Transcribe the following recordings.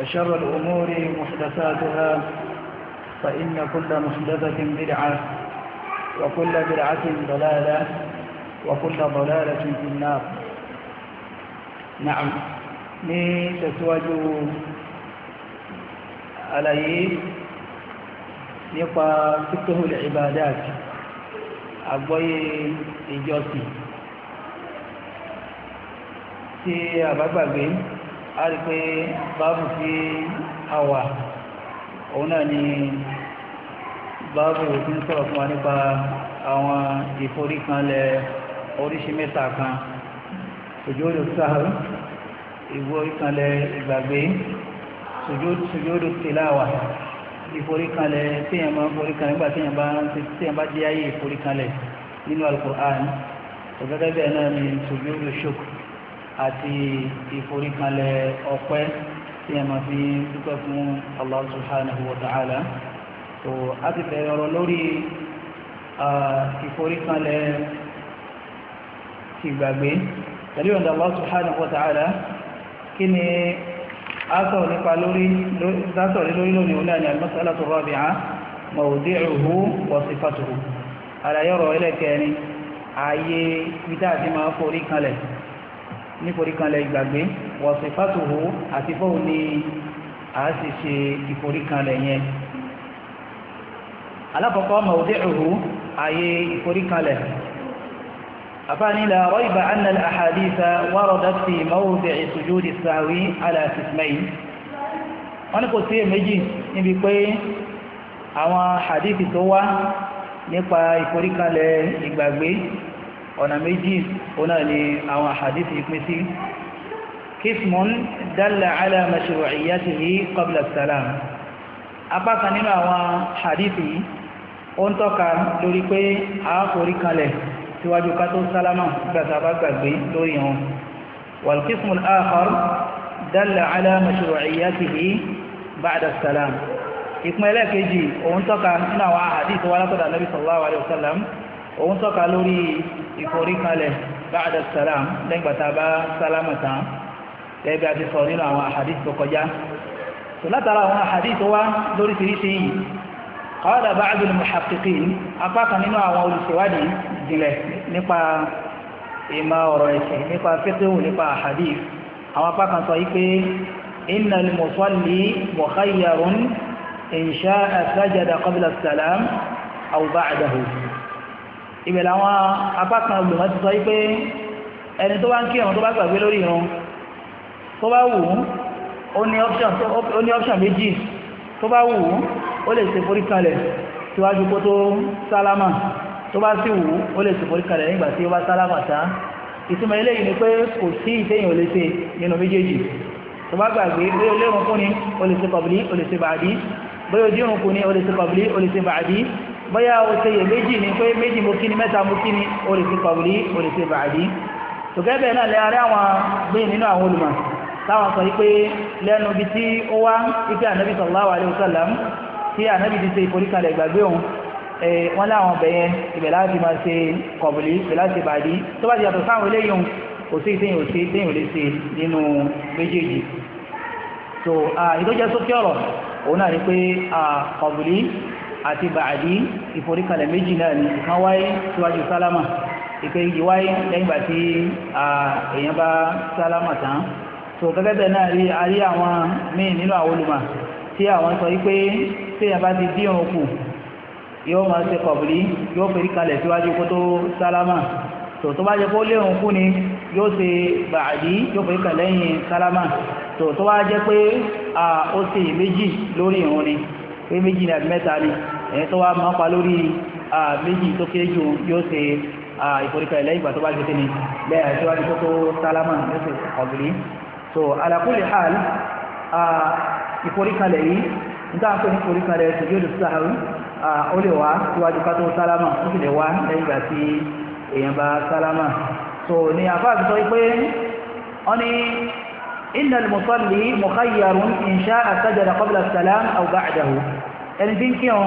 وشر الأمور محدثاتها فإن كل محدثة بدعة وكل بدعة ضلالة وكل ضلالة في النار نعم ni tẹ̀síwájú àlàyé nípa fíkóhùn ìbàdàt àgbọ́yé ìjọsìn tí àbágbàgbé a rí pé báàbù tí a wà òun náà ni báàbù tí ń sọ̀rọ̀ fún wa nípa àwọn ìforíkanlẹ̀ oríṣi mẹ́ta kan sùjúdù sahwi ìforíkanlẹ̀ ìgbàgbé sùjúdù tìláwà ìforíkanlẹ̀ téèyàn máa ń foríkanlẹ̀ nígbà téèyàn bá ń téèyàn bá jẹ́ ayé ìforíkanlẹ̀ nínú alukur'an ọ̀gẹ́gẹ́ bẹ́ẹ̀ náà ni sùjúdù ṣòkò àti ìforíkalẹ̀ ọpẹ́ tí a máa fi dúpẹ́ fún Allah subhanahu wa ta'ala tó a ti bẹ̀rẹ̀ ọ̀rọ̀ lórí ìforíkalẹ̀ ìgbàgbé pẹ̀lú ọ̀dọ̀ Allah subhanahu wa ta'ala kí ni a sọ̀rọ̀ nípa lórí sásọ̀rọ̀ lórí lónìí òun náà ni al-mas'alatu rabi'a mawdi'uhu wa sifatuhu àlàyé ọ̀rọ̀ ẹlẹ́kẹ̀ẹ́ni ààyè pítà àti máa forí kalẹ̀ nítorí kanlẹ̀ ìgbàgbé wọ̀sùn ìfàtòwò àti bóun ni a sì ṣe ìforíkanlẹ̀ yẹn alákọ̀ọ́kọ́ mawdi'uhu àyè ìforíkanlẹ̀ afáàní la rayba anna al-ahaditha waradat fi mawdi'i sujudi sahwi ala qismayn wọ́n ní kò sí èméjì níbi pé àwọn hadithi tó wá nípa ìforíkanlẹ̀ ìgbàgbé ọ̀nà méjì ọ̀nà ni àwọn àhàdìsì pín sí kismun dalla ala mashru'iyyatihi qabla salam apá kan nínú àwọn àhàdìsì ó ń tọ́ka lórí pé a forí kanlẹ̀ síwájú ká tó sálámà gbàsàbá gbàgbé lórí wọn wal kismun akhar dalla ala mashru'iyyatihi ba'da salam ìpínlẹ̀ kejì òun tọ́ka nínú àwọn àhàdìsì wà látọ̀dà nabi ìforíkalẹ̀ báàdà sàlám lẹ́gbàtà bá sálámàtà gẹ́gẹ́ àti sọ nínú àwọn àhàdí tó kọjá tó látara àwọn àhàdí tó wá lóríṣiríṣi yìí qala ba'dul muhaqqiqin apá kan nínú àwọn olùṣèwádìí ìjìnlẹ̀ nípa ìmọ̀ ọ̀rọ̀ ẹ̀sìn nípa fẹ́tẹ́wò nípa àhàdí àwọn apá kan sọ yí pé inna al-musalli mukhayyarun in ibẹ̀ làwọn apá kan olùmọ̀ ti sọ pé ẹni tó bá ń kírun tó bá gbàgbé lórí irun tó bá wù ó ní option méjì tó bá wù ó lè ṣe forí kalẹ̀ síwájú kó tó sálámà tó bá sì wù ó lè ṣe forí kalẹ̀ nígbà tí ó bá sálámà tá ìtumọ̀ eléyìí ni pé kò sí ìtẹ̀yìn ò lè ṣe nínú méjèèjì tó bá gbàgbé pé olérun kún ni ó lè ṣe kọ̀bìlì ó lè ṣe bàdí bóyá ojú irun kún ni ó lè ṣe kọ̀bìlì ó lè ṣe bàdí bóyá o ṣe yè méjì ní pé méjì mo kí ni mẹ́ta mo kí ni o lè ṣe pàwùlí o lè ṣe bàdí tòkẹ́ bẹ́ẹ̀ náà lẹ́yìn àwọn gbẹ̀yìn nínú àwọn olùmọ̀ táwọn sọ pé lẹ́nu ibi tí ó wá ipe ànábì sallallahu alaihi wasallam tí ànábì ti ṣe ìforíkalẹ̀ ìgbàgbé òun wọ́n láwọn bẹ̀yẹ ibẹ̀ láti máa ṣe kọ̀bùlì ibẹ̀ láti bàdí tó bá ti yàtọ̀ sáwọn eléyìí àti bàdí ìforíkalẹ̀ méjì náà ni ìkan wáyé síwájú sálámà ìkejì wáyé lẹ́yìn ìgbà tí èèyàn bá sálámà tán tó gẹ́gẹ́ bẹ́ẹ̀ náà rí a rí àwọn míì nínú àwọn olùmọ̀ tí àwọn sọ wípé téèyàn bá ti dín òkú yóò máa ṣe kọ̀bùlí yóò foríkalẹ̀ síwájú kó tó sálámà tó tó bá jẹ́ kó lé òkú ni yóò ṣe bàdí yóò foríkalẹ̀ lẹ́yìn sálámà tó tó bá jẹ́ pé ó ṣe méjì lórí ìrun ni pé méjì ni àti mẹ́ta ni èyí tó wá máa pa lórí méjì tó kéré jù yóò ṣe ìforíkà ilẹ̀ ìgbà tó bá jẹ́ ní lẹ́yà tó wá ní tó tó sálámà yóò ṣe so ala kulli hal ìforíkalẹ̀ yìí nígbà tó ní ìforíkalẹ̀ sujudu sahwi ó lè wá síwájú ká tó sálámà ó sì lè wá lẹ́yìn ìgbà tí èèyàn bá sálámà so ní àfáàbí sọ pé wọ́n ní inna al-musalli mukhayyarun in sha'a sajada qabla as-salam aw ba'dahu ẹni tí ń kírun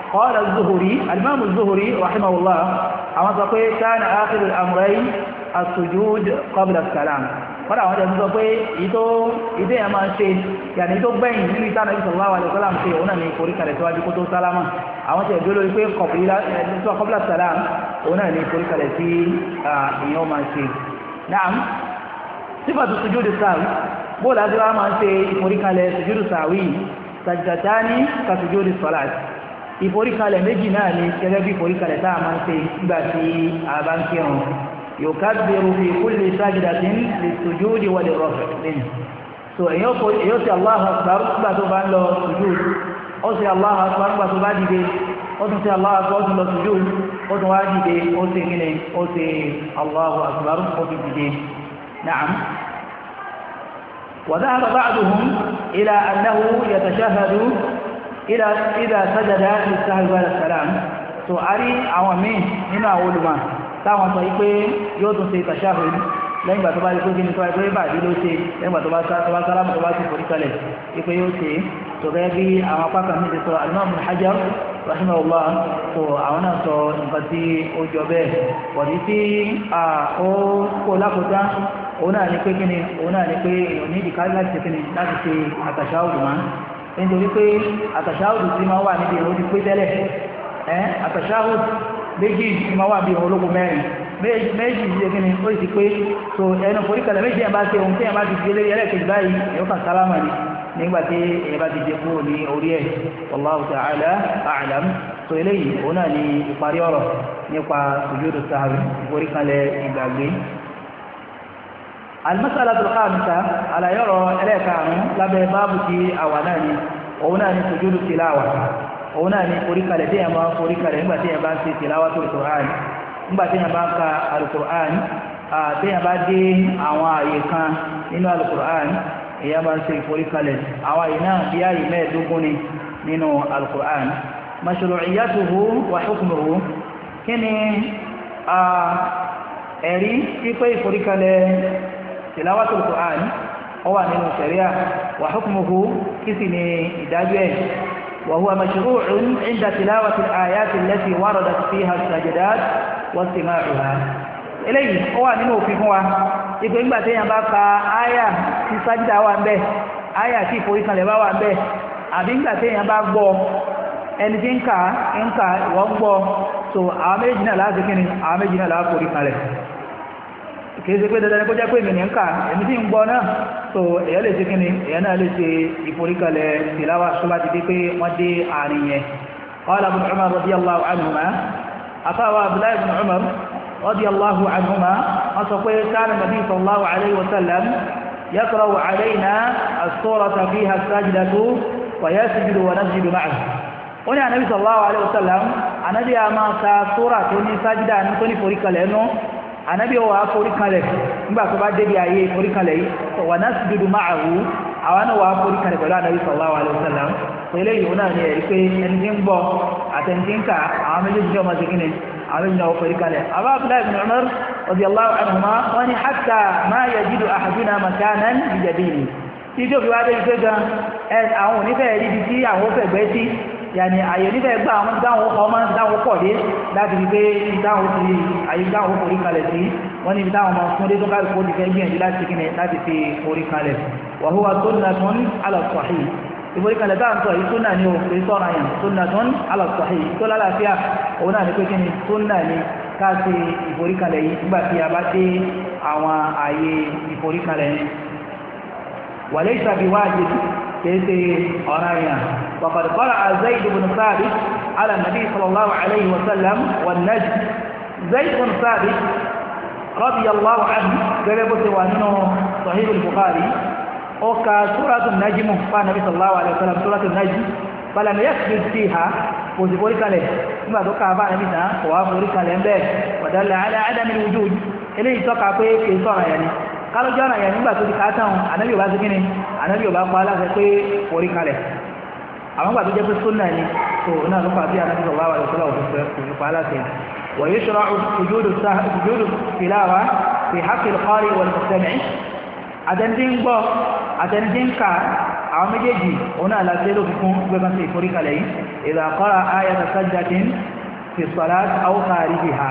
قال الزهري الإمام الزهري رحمه الله أما تقول كان آخر الأمرين السجود قبل السلام kọ́dà àwọn ọ̀dọ́ pé ìtò ìdé ẹ̀ máa ń ṣe yàní ìtò gbẹ̀yìn nínú ìta nàbí sallallahu alaihi wasallam ṣe òun náà ní ìforí kalẹ̀ síwájú kó tó sálámà àwọn tẹ̀ dúró lórí pé qabla salam òun náà ní ìforí kalẹ̀ sí ìyẹn ó máa ṣe. naam sífàtú sujúdù sahwi bóòlù àti wàá máa ń ṣe ìforí kalẹ̀ sujúdù sahwi sajdatani ka sujúdù salati ìforíkalẹ̀ méjì náà ni gẹ́gẹ́ bí ìforíkalẹ̀ tá a máa ń ṣe nígbà tí a bá ń kírun yukabbiru fi kulli sajdatin lis-sujudi wa lir-raf'i so èyàn ṣe Allahu akbar nígbà tó bá ń lọ sujud ó ṣe Allahu akbar nígbà tó bá dìde ó tún ṣe Allahu akbar ó tún lọ sujud ó tún wá dìde ó ṣe kíni ó ṣe Allahu akbar ó fi dìde na'am wa dhahaba ba'duhum ila annahu yatashahhadu ìdá ìdá sájàdá ìsáhìwá sàlám tó a rí àwọn míì nínú àwọn olùmọ̀ táwọn sọ pé yóò tún ṣe tàṣàhù lẹ́yìn ìgbà tó bá rí pé kí ni tó bá rí pé bàdí ló ṣe lẹ́yìn ìgbà tó bá sálámù tó bá ti forí kalẹ̀ ipe yóò ṣe tó gẹ́gẹ́ bí àwọn apá kan níbi sọ alimam Hajar rahimahullah tó àwọn náà sọ nǹkan tí ó jọ bẹ́ẹ̀ wọ̀dí tí ó kó lákòótá òun náà ní pé kí ni òun náà ní pé èèyàn ní ìdíkà láti ṣe kí ni láti ṣe àtàṣà òdùmá nítorí pé àtàṣáhùdù ti máa wà níbi ìrún ti pé tẹ́lẹ̀ ẹ́ àtàṣáhùdù méjì ti máa wà bí ìrún ológun mẹ́rin méjì ti kí ni ó sì pé so ẹnu forí kalẹ̀ méjì yẹn bá ṣe ohun tí yẹn bá ti gbélé ẹlẹ́kejì báyìí yóò kà sálámà ni nígbà tí yẹn bá ti jẹ kúrò ní orí ẹ̀ wallahu ta'ala a'lam so eléyìí òun náà ni ìparí ọ̀rọ̀ nípa sujudu sahwi forí kalẹ̀ ìgbàgbé alimọ́sálà tó ká àmìta àlàyọ̀rọ̀ ẹlẹ́ẹ̀karùn-ún lábẹ́ báàbù tí àwa náà ni òun náà ni sojúlù tìláwà òun náà ni foríkalẹ̀ tí yẹn bá foríkalẹ̀ nígbà tí yẹn bá ń ṣe tìláwà tó alukur'an nígbà tí yẹn bá ń ka alukur'an tí yẹn bá dé àwọn àyè kan nínú alukur'an èyàn bá ń ṣe ìforíkalẹ̀ àwọn àyè náà bí àyè mẹ́ẹ̀ẹ́dógún ni nínú alukur'an mashru'iyatuhu wa hukmuhu kí ni ẹ̀rí pípé ìforíkalẹ̀ tìláwàtò kùránì ó wà nínú sẹ̀ríà wà hukmuhu kí sì ni ìdájọ́ ẹ̀ wa huwa mashru'un 'inda tilawati al-ayati allati waradat fiha as-sajdat wa istima'uha eléyìí ó wà nínú òfin fún wa ìpè ńgbà téèyàn bá ka áyà tí sájídà wà ń bẹ áyà tí ìforíkanlẹ̀ bá wà ń bẹ àbí ńgbà téèyàn bá ẹni tí ń kà ń kà ìwọ ń gbọ́ so àwọn méjì náà láti kíni àwọn méjì náà láti forí kìí ṣe pé dandan kó jẹ́ pé èmi ní ń kà èmi tí ń gbọ́ náà so èyàn lè ṣe kí ni èyàn náà lè ṣe ìforíkalẹ̀ tìláwà ṣọlá ti dé pé wọ́n dé àárín yẹn qala ibn umar radiyallahu anhuma afáwa abdullahi ibn umar radiyallahu anhuma wọ́n sọ pé kana nabi sallallahu alayhi wa sallam yaqra'u alayna as-surata fiha as-sajdatu wa yasjudu wa nasjudu sallallahu alayhi wa sallam anabi a máa ka sóra tó ní sájídà ní tó ní foríkalẹ̀ náà ànábì ọwọ́ àforíkalẹ̀ nígbà tó bá débi ayé oríkalẹ̀ yìí wà náà sì dúdú máa wù àwọn náà wà àforíkalẹ̀ pẹ̀lú ànábì sallallahu alaihi wasallam pẹ̀lú èyí náà ni ẹ̀rí pé ẹni tí ń bọ̀ àtẹnudínká àwọn méjèèjì jẹ́ ọmọ ṣẹ́gi ni àwọn méjèèjì náà àforíkalẹ̀ àbá abdullahi ibn umar radiyallahu anhuma wọn ni hatta ma yajidu ahaduna makanan bijadini tí tí òfin wá dé ife gan àwọn àwọn fẹ̀gbẹ́ yàní àyè níbẹ̀ gbà wọn dáhùn ọmọ dáhùn pọ̀ dé láti fi pé dáhùn ti àyè dáhùn forí kalẹ̀ sí wọn níbi dáhùn ọmọ fún dédó káàkiri kó ti fẹ́ gbìyànjú láti kíni láti fi forí kalẹ̀ wàhùwà tó nà tún alàsọ̀hì ìforí kalẹ̀ táà ń sọ yìí tó nà ní o kò sọ ọ̀ràn yẹn tó nà tún alàsọ̀hì tó lálàáfíà òun náà ní pé kíni tó nà ní káàkiri ìforí kalẹ̀ yìí nígbà tí a bá dé àwọn àyè ìforí kalẹ̀ وقد قرأ زيد بن ثابت على النبي صلى الله عليه وسلم والنجم زيد بن ثابت رضي الله عنه قلبت وانه صحيح البخاري وكا سورة النجم فالنبي صلى الله عليه وسلم سورة النجم فلم يسجد فيها وزبور كاله ثم ذكر بعد مثلا وافور كاله ودل على عدم الوجود إليه تقع في كيسورة يعني قالوا جانا يعني ما تدكاتهم أنا بيبازقيني أنا بيبازقوا على ذلك وريكاله àwọn gbàgbé jẹ́ pé súnà ni tó náà ló fà bí àti sọ̀rọ̀ àwọn ìṣọ́lá òfin kò pa aláṣẹ wọ̀nyí ṣọ́ra ìjúdù tìláwà fi haqil qari wal mustami' àtẹnudí ń gbọ́ àtẹnudí ń kà àwọn méjèèjì òun náà láti fún gbẹ́gbẹ́ sí ìforíkalẹ̀ yìí idha qara ayata sajdatin fi salat aw kharijiha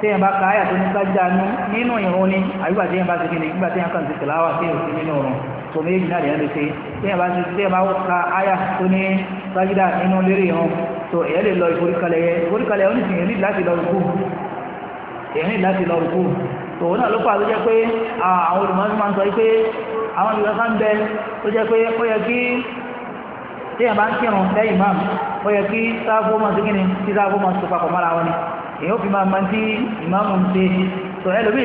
téèyàn bá ka ayà tó ní sájà nínú ìrún ni àyíkpà téèyàn bá ti kí ni ìgbà téèyàn kàn ti tìláwà téèyàn ti tó méjì náà lèyàn lè ṣe téèyàn bá ṣe téèyàn bá ka aya tó ní sájídà nínú lérí ìhàn tó èyàn lè lọ ìforíkalẹ̀ yẹ ìforíkalẹ̀ yẹ oníṣìyàn ní láti lọ rúkú èyàn ní láti lọ rúkú tó náà ló pàdé jẹ́ pé àwọn olùmọ̀ọ́sí máa ń sọ pé àwọn ìgbà kan bẹ tó jẹ́ pé ó yẹ kí téèyàn bá ń kírun lẹ́yìn máa ó yẹ kí sáfó máa ṣe kíni kí sáfó máa ṣe papọ̀ mọ́ra wọn ni èyàn ó fi máa máa ti ìmáàmù ń ṣe tó ẹlòmíì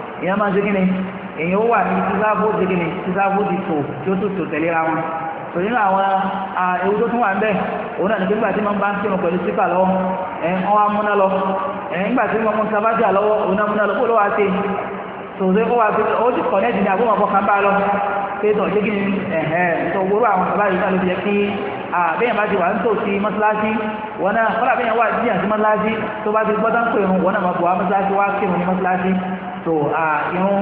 èèyàn máa ń ṣe kí ni èèyàn ó wà ní tíṣáàbù ṣe kí ni tíṣáàbù ti tò tí ó tún tò tẹ̀lé ra wọn tò nínú àwọn ewu tó tún wà ń bẹ̀ òun náà ní pé nígbà tí wọ́n bá ń kírun pẹ̀lú sípà lọ́wọ́ ẹ̀ wọ́n wá múná lọ ẹ̀ nígbà tí wọ́n mú sábàjá lọ́wọ́ òun náà múná lọ kó ló wá ṣe tòun kó wá ṣe ó ti kọ̀ nẹ́ẹ̀dì ní àbúrò ọkọ̀ kan bá lọ pé tọ̀ ṣé kí ni ẹ̀hẹ́n tó gbóró àwọn sábà yìí náà ló fi yẹ kí àbẹ́yẹn bá ti wà ń tò sí mọ́sálásí wọn náà kọ́lá àbẹ́yẹn wà jíyàn sí mọ́sálásí tó bá ti gbọ́dọ̀ ń pè wọn náà máa bọ̀ wá mọ́sálásí wá kírun ní mọ́sálásí tó ah, irun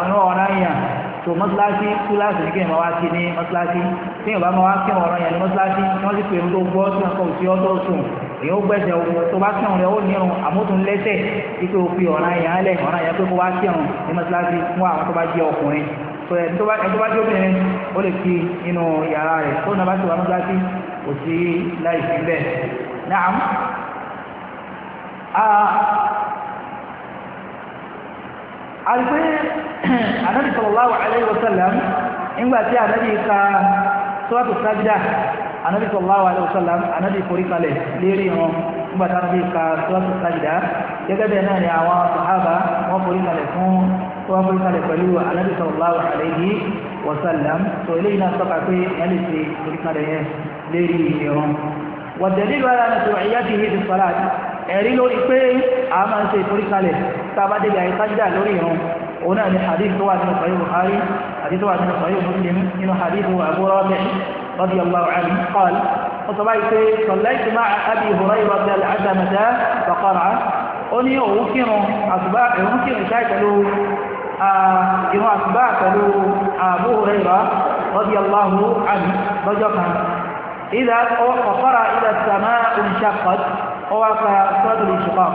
ọ̀nà ọ̀nà yàn tó mọ́sálásí kíláàsì kí èèyàn wá sí ní mọ́sálásí tí èèyàn bá máa wá kí ọ̀nà yàn ní mọ́sálásí tí wọ́n sì pè é tó gbọ́ tí wọ́n kọ́ òsì ọ́tọ̀ sùn èèyàn ó gbẹ̀sẹ̀ ohun tó bá kí ọ̀run rẹ̀ ó ní irun àmótún lẹ́sẹ̀ wípé o fi ọ̀nà yàn lẹ̀ ọ̀nà yàn pé kó wá kí ọ̀run ní mọ́sálásí fún àwọn tó bá jẹ́ ọkùnrin tó ẹ̀ tó bá jẹ́ obìnrin ó lè fi inú yàrá rẹ̀ tó nàbá ti wà mọ́sálásí kò sí láì fi bẹ́ẹ̀ àgbé anabi sallallahu alayhi wa sallam nígbà tí anabi ka sọ́wọ́tò sájà anabi sallallahu alayhi wa sallam anabi forí kalẹ̀ lérí wọn nígbà tí anabi ka sọ́wọ́tò sájà gẹ́gẹ́ bẹ́ẹ̀ náà ni àwọn sàhábà wọ́n forí kalẹ̀ fún wọ́n forí kalẹ̀ pẹ̀lú anabi sallallahu alayhi wa sallam tó eléyìí náà sọ́kà pé ìyẹn lè ṣe forí kalẹ̀ yẹn lérí wọn. wàdẹ̀lẹ́lu ara ni tòwáyá ti hí ti sọ́lá ẹ̀rí lórí pé àá máa ń ṣe ìforí tába débi àyè sájúdà lórí irun òun náà ni hadith tó wà nínú sọ̀rọ̀ buhari hadith tó wà nínú sọ̀rọ̀ muslim nínú hadith abu rabi rabi allah ali qal ó sọ báyìí pé sọ̀láìtì máa abi hurayra rabi al-adamata baqara ó ní òun kírun àtúbà òun kírun ṣáì pẹ̀lú irun àtúbà pẹ̀lú abu hurayra rabi allah ali lọ́jọ́ kan إذا وقرأ إذا السماء انشقت وقرأ صدر الشقاق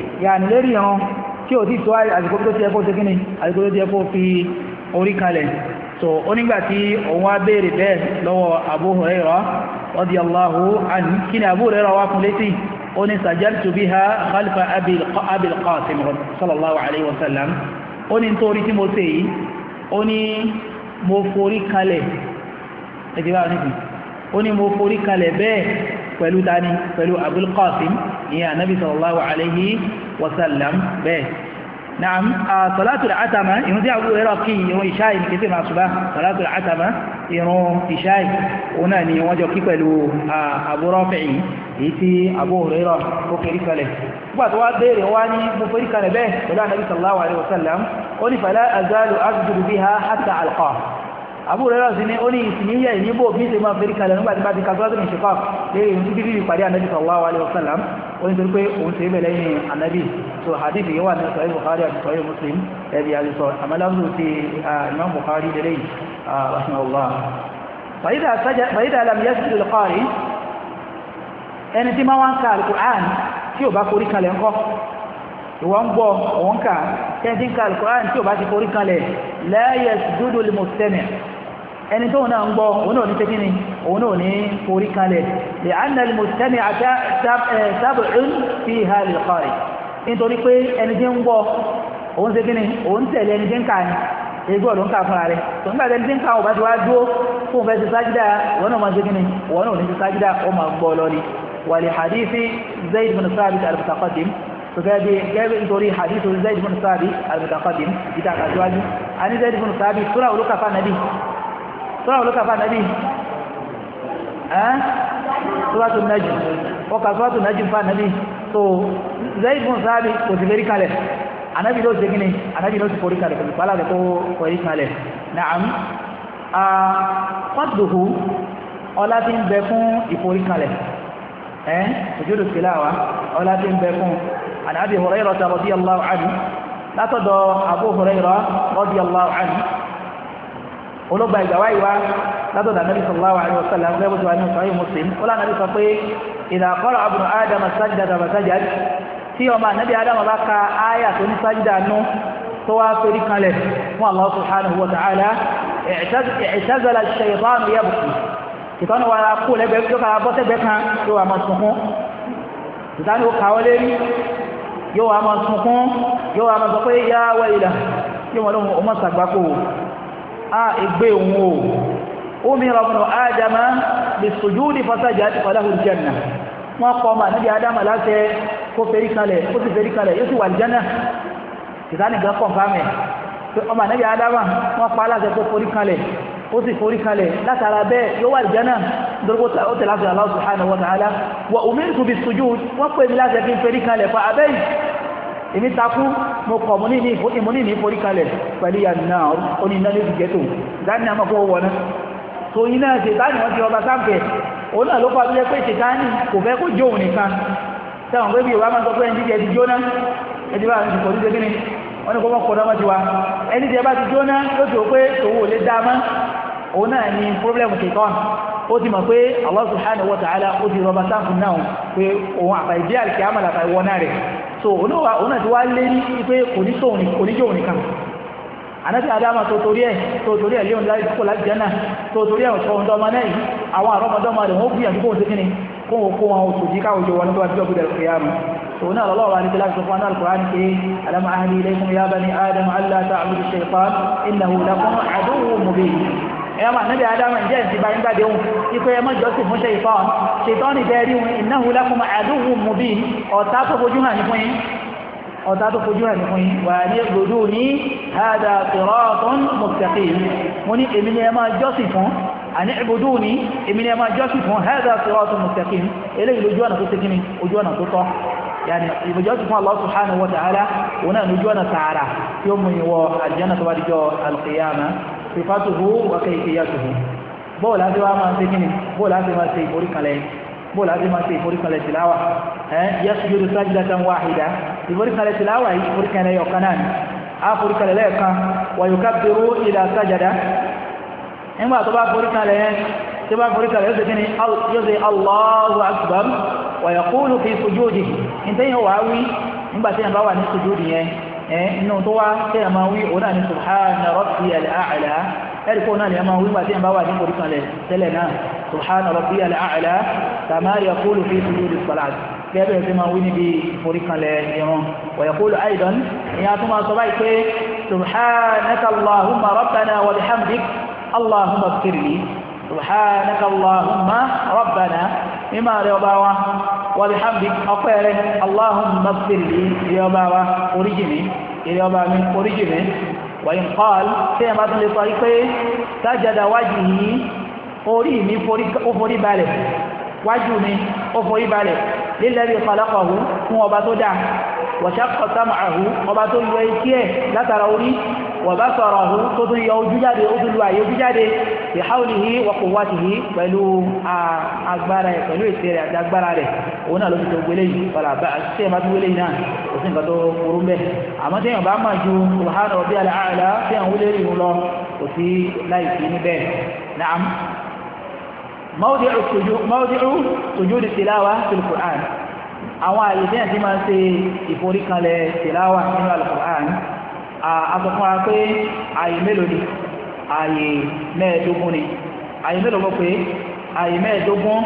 yàní lérí ìran tí ò ti tó àsìkò tó ti ẹkọ́ ṣe kíni àsìkò tó ti ẹkọ́ fi orí kalẹ̀ so onígbà tí òun wá béèrè bẹ́ẹ̀ lọ́wọ́ Abu Huraira radiyallahu anhu kí ni Abu Huraira wá fún létí ó ní sàjẹ́lì tó bí ha khalifa Abil Qasim sallallahu alayhi wa sallam ó ní nítorí tí mo ṣe pẹ̀lú tani pẹ̀lú Abul Qasim ìyẹn anabi sallallahu alayhi wa sallam bẹ́ẹ̀ naam salatul atama irun tí a wúwo ẹ̀rọ kí irun ìṣáì ní kété máa ṣùgbọ́n salatul atama irun ìṣáì òun náà ni wọ́n jọ kí pẹ̀lú Abu àbúrò rẹ̀ sí ní ó ní ìsìníyà ìníbò bí ṣe máa fẹ́rí kalẹ̀ nígbàtí bá ti ka sọ́dún ìṣẹ́fà lè yìí títí bí ìpàdé ànábì sallallahu alaihi wasallam ó ní torí pé òun ṣe bẹ̀rẹ̀ ní ànábì so hadith yìí wà ní sahih bukhari àti sahih muslim ẹbí àlùsọ àmàlàmù ti imam bukhari lélẹ̀ yìí rahimahullah fàyídà alam yasjud al-qari ẹni tí máa ń ka al-Qur'an tí ò bá forí kalẹ̀ ńkọ́ ìwọ ń gbọ́ òun kà tẹ́ńtì ń tí ò bá ti forí kalẹ̀ la yasjudu al-mustami' ẹni tó náà ń gbọ́ òun náà ní ṣe kíni òun náà ní forí kalẹ̀ lè annal mustami sábùn fi ha lè kọ́rì nítorí pé ẹni tí ń gbọ́ òun ṣe kíni òun tẹ̀lé ẹni tí ń kà ní egbọ́ ń kà fúnra rẹ̀ tó ń gbà ẹni tí ń kà bá ti wá dúró fún fẹ́ ti sájídà حديث زيد بن ثابت المتقدم بتاع الازواج عن زيد بن ثابت سورة ولقى فالنبي sọ́rọ̀ ló kàfà nàbí ẹ́n sọ́wọ́tò nàjù ọkà sọ́wọ́tò nàjù fà nàbí tó zaifun sáàbì kò sì fẹ́rí kalẹ̀ anábì ló ṣe gíní anábì ló ti forí kalẹ̀ kò sì pàlà rẹ̀ kó forí kalẹ̀ naam fọ́tòhù ọlá ti ń bẹ fún ìforí kalẹ̀ ẹ́n òjòdò síláwà ọlá ti ń bẹ fún anábì Hurairah radiyallahu anhu látọ̀dọ̀ Abu Hurairah radiyallahu anhu olóògbà ìgbàwá ìwá látọ̀dà nàbí sallallahu alaihi wa sallam gẹ́gẹ́ bó ti wà ní sahih muslim ó lánàá bí sọ pé idha qara'a ibnu ádámà sájídà bàtàjà tí ọmọ ànábì ádámà bá ka áyà tó ní sájídà tó wá torí kanlẹ̀ fún Allah subhanahu wa ta'ala i'tazala ash-shaytanu yabki ìtọ́nu wa kú lẹ́gbẹ̀ẹ́ yóò kára bọ́sẹ̀gbẹ́ kan sunkún yóò wà máa sunkún sọ pé yá wẹ́yìlá yóò wọ́n lóhun ọmọ a ìgbé òun o umira ibnu ádámà bisujudi fasajada falahu aljanna wọ́n kọ́ ọmọ àníbi ádámà láti kó fèrí kalẹ̀ kó sì fèrí kalẹ̀ yóò sì wà aljanna ìsáni gan kọ̀ fámẹ̀ ọmọ àníbi ádámà wọ́n pa láti kó forí kalẹ̀ ó Allah subhanahu wa ta'ala wa umirtu bisujud wọ́n pè mí láti kí n èmi takú mo kọ̀ mo ní ní ìmú ní ní forí kalẹ̀ pẹ̀lú yànnà oní iná ló ti jẹ́ tó dání àmọ́ kó wọ̀ náà tó iná ṣètáni wọn ti ọba sáǹpẹ̀ òun náà ló fà tó jẹ́ pé ṣètáni kò fẹ́ kó jó òun nìkan sẹ́wọ̀n pé bí ìwà máa sọ pé ẹni jíjẹ ti jóná ẹni bá ti kọ̀ ní ṣe ni wọ́n ní kó wọ́n náà ti wa ẹni jẹ bá ti jóná ló ti rò pé òun lè dá mọ́ òun náà ni pírọ́blẹ́mù ṣètọ́nù ó ti mọ̀ pé Allah subhanahu wa ta'ala ó ti rọba sáǹpù náà pé òun àfàìdí àlìkí àmàlà àfàìwọ náà rẹ̀ so olóòwà òun náà ti wá lé ní pé kò ní tóun kò ní jóun nìkan ànábì adama tó torí ẹ̀ tó torí ẹ̀ léun láti kó láti jẹ́nà tó torí ẹ̀ ọ̀tọ̀ ọ̀dọ́ ọmọ náà yìí àwọn àrọ́mọdọ́mọ rẹ̀ wọ́n gbìyànjú kóun sí kíni kóun kó wọn oṣù jí káwọn jọ wọn nígbà tí ọkùnrin ya bani adam alla ta'budu shaytan innahu lakum aduwwun mubin ẹ̀yà máa níbi adama ìjẹ́ ìsìn bá yín gbàdé òun ipò ẹ̀mọ́ jọ́sìn fún ṣèyíkọ́ ṣètọ́n ní bẹ́ẹ̀ rí wọn iná hula fún àdúhùn mú bí ọ̀tá tó fojú hàn ní fún yín ọ̀tá tó fojú hàn ní fún yín wà ní gbòdú ní hada siratun mustaqim mo ní èmi ni ẹ máa jọ́sìn fún àní ìbòdú ní èmi ni ẹ máa jọ́sìn fún hada siratun tó tọ́ yàni ìbòjọ́sìn fún Allah subhanahu wa ta'ala òun náà lójú ọ̀nà tààrà tí ó mú ìwọ àlùjánnà tó bá dijọ́ al-qiyamah sifatuhu wa kayfiyatuhu bóò láti wá máa ṣe kíni bóò láti máa ṣe ìforíkalẹ̀ bóò láti máa ṣe ìforíkalẹ̀ tìláwà ẹ yasjudu sajdatan wahida ìforíkalẹ̀ tìláwà yìí ìforíkalẹ̀ yọ̀kan náà ni a foríkalẹ̀ lẹ́ẹ̀kan wa yukabbiru ila sajada nígbà tó bá foríkalẹ̀ yẹn tó bá foríkalẹ̀ yóò ṣe kíni yóò ṣe Allahu akbar wa yaqulu fi sujudi ìtẹ́yìn wàá wí nígbà tí yẹn bá wà ní sujudi yẹn Eh, inú tó wá kéèyàn máa wí òun náà ní subhana rabbiyal a'la ẹ̀rí kó náà ni a máa wí wà tí a bá wà ní orí kanlẹ̀ tẹ́lẹ̀ náà subhana rabbiyal a'la kama yaqulu fi sujudi salat gẹ́gẹ́ bí máa wí níbi orí ìran wa yaqulu aidan wàlíhàmdì ọpẹ́ rẹ̀ aláhùnmá sílì ilé ọba wa oríjìnì ilé ọba mi oríjìnì wàyí paul tí a bá tún lè sọ wípé sájàdà wájú yìí orí mi ó forí balẹ̀ wájú mi ó forí balẹ̀ lílẹ́rìí falakọ̀hu fún ọba tó dáa wọ̀ṣàkọ̀ sámàáhu ọba tó yọ etí ẹ̀ látara orí wọ̀bá sọ̀rọ̀ ọ̀hún tó tún yọ ojú jáde ó tún lu àyè ojú jáde fi hawlihi wa quwwatihi pẹ̀lú agbára rẹ̀ pẹ̀lú ètè rẹ̀ àti agbára rẹ̀ òun náà ló fi tó gbélé yìí padà bá ṣé máa fi wélé yìí náà kò sí nǹkan tó burú mbẹ́ àmọ́ tí èèyàn bá máa ju subhana rabbi al'ala tí àwọn wélé yìí lọ kò sí láì sí níbẹ̀ naam mawdi'u sujudi tilawa fil Qur'an àwọn àyè tí èèyàn ti máa ń ṣe ìforíkanlẹ̀ tilawa nínú al-Qur'an asọ̀fúnra pé ààyè mélòó ni ààyè mẹ́ẹ̀ẹ́dógún ni ààyè mélòó mọ́ pé ààyè mẹ́ẹ̀ẹ́dógún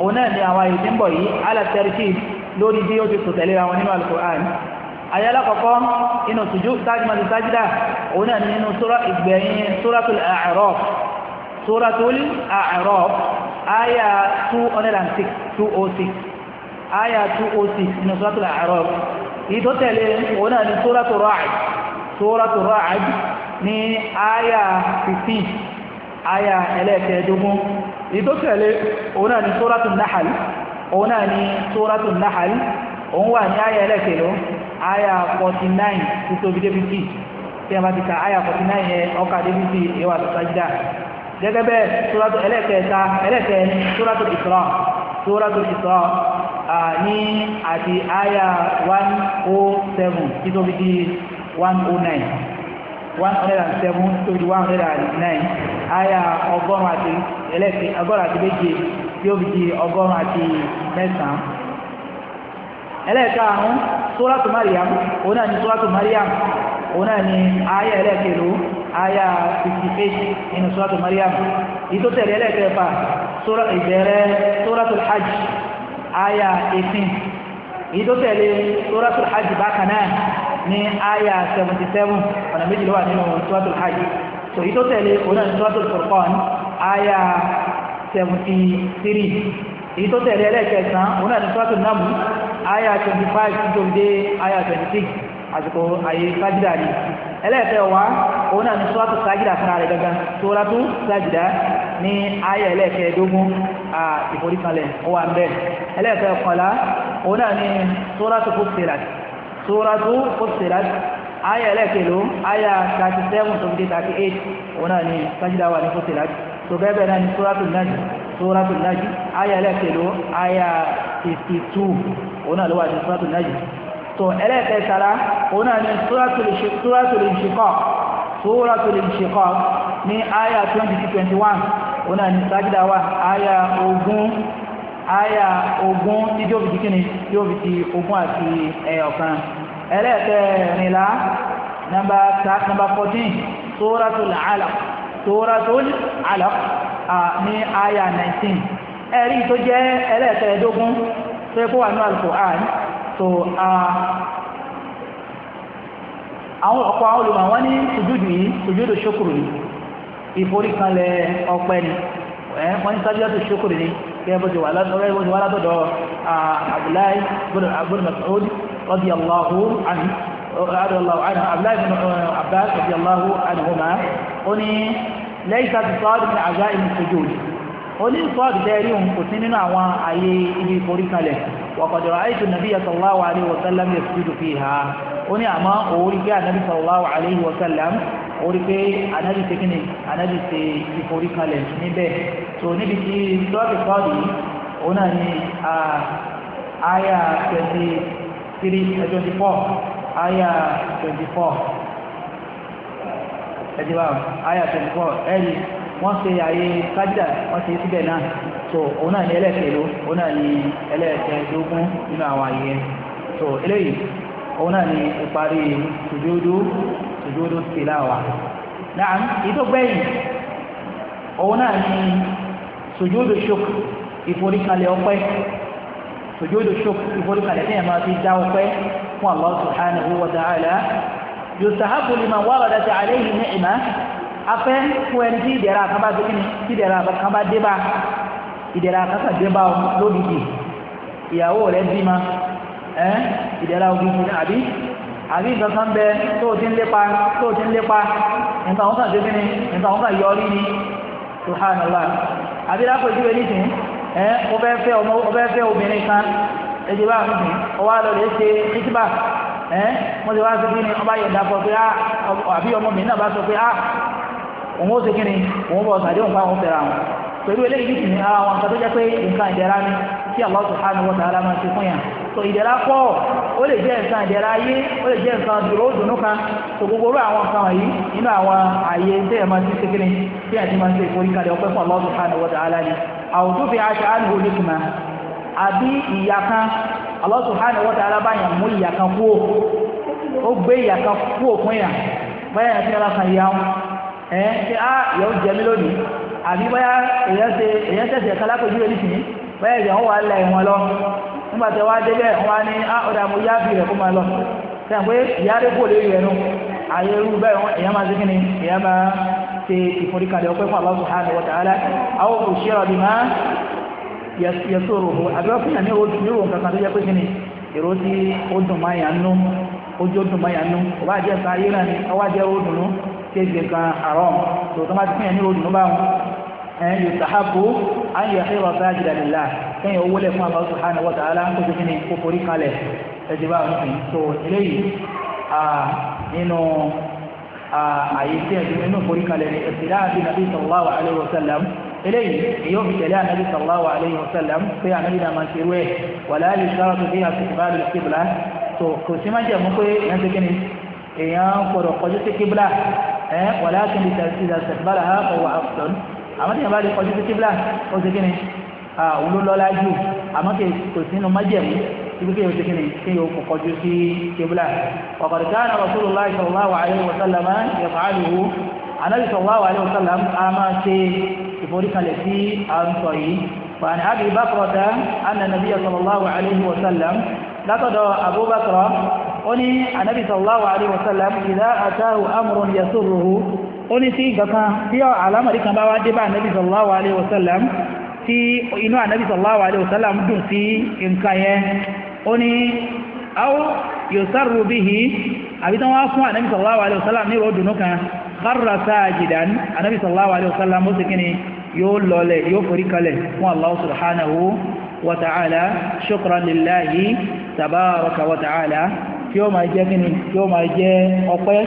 òun náà ni àwọn ààyè tí ń bọ̀ yìí alàtẹ́rìkì lórí bí ó ti tò tẹ̀lé àwọn nínú Al-Qur'an ààyè alákọ̀ọ́kọ́ inú tùjú sájúmọ́tì sájídà òun náà ni suratu Ra'd ní àyà 15 àyà ẹlẹ́ẹ̀kẹ́ẹ̀dógún èyí tó tẹ̀lé òun náà ni suratu Nahl òun náà ni suratu Nahl òun wà ní àyà ẹlẹ́ẹ̀kẹ́ló àyà 49 títóbi débi tí tí a bá ti ka àyà 49 yẹn ọkà débi tí ìwà tó sájídà gẹ́gẹ́ bẹ́ẹ̀ suratu ẹlẹ́ẹ̀kẹ́ta ẹlẹ́ẹ̀kẹ́ suratu Isra suratul Isra ní àti àyà 107 tí tó fi di 109 107 tó fi di 109 àyà ọgọ́rùn-ún àti ẹlẹ́ẹ̀kẹ́ ọgọ́rùn-ún àti méje tí ó fi di ọgọ́rùn-ún àti mẹ́sàn-án ẹlẹ́ẹ̀kàrún sóràtù mariam òun náà ni sóràtù mariam òun náà ni ayé ẹlẹ́ẹ̀kẹ̀lú ayá 58 nínú sóràtù mariam ìtò tẹ̀lé ẹlẹ́ẹ̀kẹfà ìbẹ̀rẹ̀ suratul hajj aya 18 èyí tó tẹ̀lé suratul hajj bákan náà ní aya 77 ọ̀nà méjì wà nínú suratul hajj so èyí tó tẹ̀lé ọ̀nà suratul furqan aya 73 èyí tó tẹ̀lé ẹlẹ́ẹ̀kẹsàn ọ̀nà suratul naml aya 25 tó dé aya 26 àsìkò ayé sájídà ni ẹlẹ́ẹ̀kẹ́ wa ọ̀nà suratul sájídà fúnra rẹ̀ gangan suratul sájídà ní ayé ẹlẹ́ẹ̀kẹ́ẹ̀dógún ìforíkalẹ̀ ó wà ń bẹ̀ ẹlẹ́ẹ̀kẹ́ẹ̀kọ́lá òun náà ní sóràtú Fussilat sóràtú Fussilat ayé ẹlẹ́ẹ̀kẹ́ló ayé thirty seven to thirty eight òun náà ní sájídá wà ní Fussilat tó bẹ́ẹ̀ bẹ́ẹ̀ náà ní sóràtú Najm sóràtú Najm ayé ẹlẹ́ẹ̀kẹ́ló ayé fifty two òun náà ló wà ní sóràtú Najm tó ẹlẹ́ẹ̀kẹ́ẹ̀kẹ́lá òun náà ní sóràtú Inshiqaq sóràtú Inshiqaq ní ayé twenty òun náà ni sájídà Ogun áyà ogún áyà ogún tí yóò fi di kíni yóò fi di ogún àti ẹ̀yọ̀kan ẹlẹ́ẹ̀kẹrìnlá nọmba nọmba fourteen suratul alaq suratul alaq ní áyà nineteen ẹ̀rí tó jẹ́ ẹlẹ́ẹ̀kẹrìndógún tó yẹ kó wà ní al-Qur'an so àwọn ọ̀pọ̀ àwọn olùmọ̀ wọ́n ní sùjúdù yìí sùjúdù ṣókùrù yìí ìforíkanlẹ̀ ọpẹ́ ni wọ́n ní sábíyà tó ṣókòrò ní kẹ́ẹ̀bù ti wà látọ̀dọ̀ Abdullahi ibn Mas'ud radiyallahu anhu Abdullahi ibn uh, Abbas radiyallahu anhuma ó ní lẹ́yìn sábì sọ́ọ́dù ní àgbá ìlú sojú ó ní sọ́ọ̀dù tẹ́rí òun kò sí nínú àwọn ààyè ibi ìforíkanlẹ̀ wọ̀kọ̀dọ̀rọ̀ àìsù nàbí sallallahu alaihi wasallam yasjudu fiha ó ní àmọ́ òórí pé ànàbí sallallahu alaihi orí pé anabi ṣe kíni anabi ṣe ìforíkalẹ̀ níbẹ̀ tó níbi tí sọ́ọ̀tì sọ́ọ̀tì yìí òun náà ni àyà twenty three twenty four àyà twenty four ẹ̀dí wa àyà twenty four ẹ̀rí wọ́n ṣe àyè sájídà wọ́n ṣe síbẹ̀ náà so òun náà ni ẹlẹ́ẹ̀kẹ́ló òun náà ni ẹlẹ́ẹ̀kẹ́dógún nínú àwọn àyè yẹn so eléyìí òun náà ni ìparí ìdúdú sùjúdù tìláwà náà ìdógbẹ̀yìn òun náà ni sùjúdù ṣùk ìforíkalẹ̀ ọpẹ́ sùjúdù ṣùk ìforíkalẹ̀ ní ẹ̀ma fi dá ọpẹ́ fún Allah subhanahu wa ta'ala yustahabu lima waradat alayhi ni'ma afẹ́ fún ẹni tí ìdẹ̀ra kan bá dókínì tí ìdẹ̀ra kan bá dé bá ìdẹ̀ra kan kan dé bá lódìdì ìyàwó rẹ̀ bímọ ìdẹ̀ra ògidì àbí àbí nǹkan kan bẹ tó ti ń lépa tó ti ń lépa nǹkan àwọn kan débi ni nǹkan àwọn kan yọrí ni subhanallah àbí lápòjúwe nísìn ẹ ó fẹ́ fẹ́ ọmọ ó fẹ́ fẹ́ obìnrin kan ẹjẹ bá mi sìn ọwọ́ àlọ́ lè ṣe kíkíbà ẹ wọ́n ti wá sí kí ni ọba yẹn dàpọ̀ pé á ah, àbí ọmọbìnrin náà bá sọ pé á ah, òun ó ṣe kí ni òun bọ̀ sàdé òun pa òun fẹ́ra wọn. pẹ̀lú eléyìí sì ní ara wọn nǹkan tó jẹ́ pé nǹkan ìdẹ̀ra ni tí Allah subhanahu wa ta'ala máa ṣe fún so tó ìdẹ̀ra pọ̀ ó lè jẹ́ nǹkan ìdẹ̀ra ayé ó lè jẹ́ nǹkan dùrò dùnú kan tó gbogbo orú àwọn nǹkan wọ̀nyí nínú àwọn ẹ̀ máa ti ṣe kí tí máa ṣe ọpẹ́ fún ni àwùjọ fi aṣọ àánú àbí kan bá mú àbí báyà èèyàn tẹ̀sẹ̀ kálápẹ̀jú èyí sì báyà èèyàn wà lẹ̀ wọn lọ nígbà tẹ wá débẹ̀ wọn ní ọ̀dà ah, mo yá fi rẹ̀ kó máa lọ sẹ́yìn pé ìyá rẹ̀ kò lè irú bẹ́ẹ̀ máa máa ṣe ìforíkalẹ̀ ọpẹ́ fún ha wa ta'ala àwọn òṣèrò bí máa yẹsọ̀rọ̀ àbí wọ́n fìyà ní ìrò kankan tó jẹ́ pé kíni ni kéje kan haram tó tó máa ti fìyàn ní ròdù nígbà wọn ẹ̀yìn yóò sàhábù ayé yàtọ̀ ìwà sáájì dàdìlá kẹ́yìn owó lẹ̀ fún Allah subhanahu wa ta'ala ń kójú kíni kó forí kalẹ̀ ẹ̀jẹ̀ bá wọn sìn tó eléyìí nínú àyè tí ẹ̀jẹ̀ nínú forí kalẹ̀ ní ẹ̀sìn láàbí nàbí sallallahu alayhi wa sallam eléyìí èyí ò fi tẹ̀lé anabi sallallahu alayhi wa sallam pé anabi náà máa ṣe rú ẹ̀ wàlá lè sọ́ra tó bí àtìkúbálù kíbla tó kò sí má jẹ́ mú pé èèyàn ti kíni èèyàn gbọ́dọ̀ kọjú sí kíbla ولكن إذا استقبلها فهو أفضل àmọ́ tí yẹn bá lè kọjú sí kíbla ó ṣe kíni òun ló lọ́la jù àmọ́ kò sínú májẹ̀mú ibi kí yẹn ó ṣe kíni kí yẹn ó kọjú sí kíbla. ọ̀kadì káàna rasulullah sallallahu alayhi wa sallam yaf'aluhu anabi sallallahu alayhi wa sallam a máa ṣe ìforíkalẹ̀ sí àǹsọ̀ yìí. fàánì abi bakrata anna nabiya sallallahu alayhi wa sallam látọ̀dọ̀ abubakar ó ní ànábì sallallahu alaihi wasallam idha atahu amrun yasurruhu ó ní tí kankan tí àlámọ̀rí kan bá wá dé bá ànábì sallallahu alaihi wasallam tí inú ànábì sallallahu alaihi wasallam dùn sí nǹkan yẹn ó ní aw yusarru bihi àbí tán wá fún ànábì sallallahu alaihi wasallam ní ìró dùnú kan kharra sajidan ànábì sallallahu alaihi wasallam ó sì kí ni yóò lọlẹ̀ yóò forí Allah subhanahu wa ta'ala shukran lillahi tabaraka wa ta'ala kí ó máa jẹ́ kíni kí ó máa jẹ́ ọpẹ́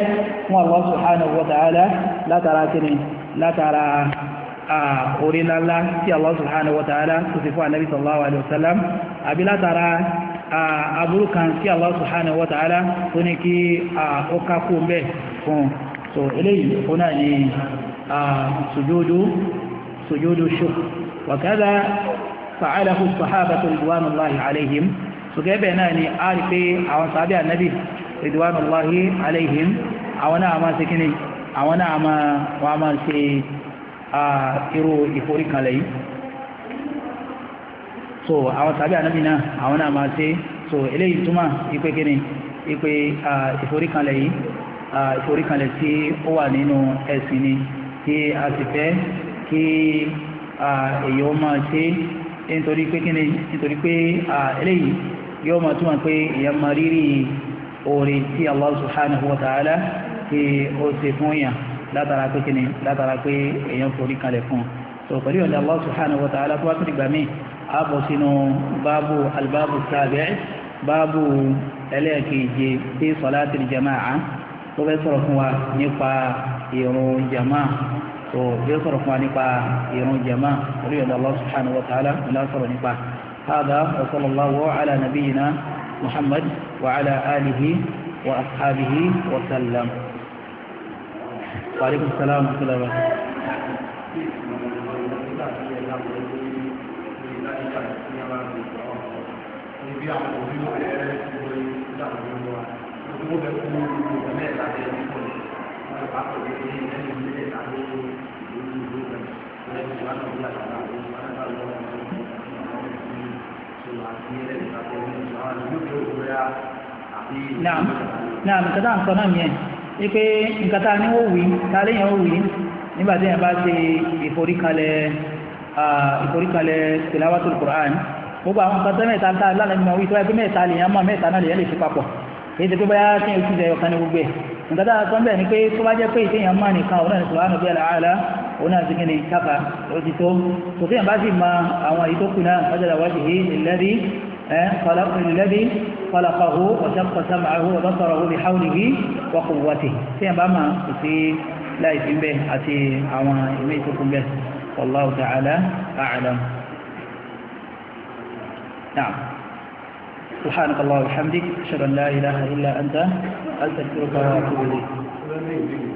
fún Allah subhanahu wa ta'ala látara kíni látara orí ńláńlá tí Allah subhanahu wa ta'ala tó ti fún ànábì sallallahu alayhi wa sallam àbí látara aburú kan tí Allah subhanahu wa tó ní kí ó kákó ń fún so eléyìí ó náà ní sujudu sujudu shukr wa kadha fa'alahu as-sahabatu ridwanullahi sùgẹ́ bẹ́ẹ̀ náà ni a rí pé àwọn sàbí ànábì ridwanullahi alaihim àwọn náà máa ṣe kíni àwọn náà máa wọ́n máa ṣe irú ìforíkanlẹ̀ yìí so àwọn sàbí ànábì náà àwọn náà máa ṣe so eléyìí túmọ̀ ipe kíni ipe ìforíkanlẹ̀ yìí ìforíkanlẹ̀ tí ó wà nínú ẹ̀sìn ni tí a sì fẹ́ kí èyí ó máa ṣe nítorí pé kíni nítorí pé eléyìí yóò máa túmọ̀ pé èèyàn máa rírì oore tí Allah subhanahu wa ta'ala tí ó ṣe fún yàn látara pé kíni látara pé èèyàn forí kalẹ̀ fún un tó pẹ̀lú ọ̀dọ̀ Allah subhanahu wa ta'ala tó wá tó dìgbà míì ààbọ̀ sínú báàbù albáàbù sábẹ́ báàbù ẹlẹ́ẹ̀keje tí sọ̀láàtì jama'a tó fẹ́ sọ̀rọ̀ fún wa nípa ìrun jama'a tó fẹ́ sọ̀rọ̀ fún wa nípa ìrun jama'a pẹ̀lú ọ̀dọ̀ Allah subhanahu wa ta'ala ńlá sọ̀rọ̀ nípa هذا وصلى الله على نبينا محمد وعلى آله وأصحابه وسلم وعليكم السلام ورحمة الله وبركاته Thank you. naam naam nǹkan tá à ń sọ náà yẹn ni pé nǹkan tá a ní ó wí tá a léyìn ó wí nígbà tí yẹn bá ṣe ìforíkalẹ̀ ìforíkalẹ̀ tilawatul Qur'an gbogbo àwọn nǹkan tó mẹ́ta tá a lánàá ìmọ̀ wí tó yẹ pé mẹ́ta lèèyàn mọ̀ mẹ́ta náà lèèyàn lè fi papọ̀ kì í ṣe pé bóyá kí n ò tún jẹ ọ̀kan ní gbogbo ẹ̀ nǹkan tá sọ ń bẹ̀ ni pé tó bá jẹ́ pé ìṣèyàn mọ̀ nìkan òun náà ní òun náà ti kí ni kápá lọ́sí tó sòfin àbá sì ma àwọn èyí tó kù náà wájàdà wájú yìí ìlẹ́bí ìlẹ́bí falakahu ọ̀sàmàhu ọ̀dọ́sọ̀rọ̀hu bí haulihi wọ́kùnwọ́tì tí àbá ma kò sí láìsí bẹ́ àti àwọn ìwé ìtòkùn bẹ́ wallahu ta'ala a'lam نعم سبحانك اللهم وبحمدك أشهد أن لا إله إلا أنت أستغفرك وأتوب إليك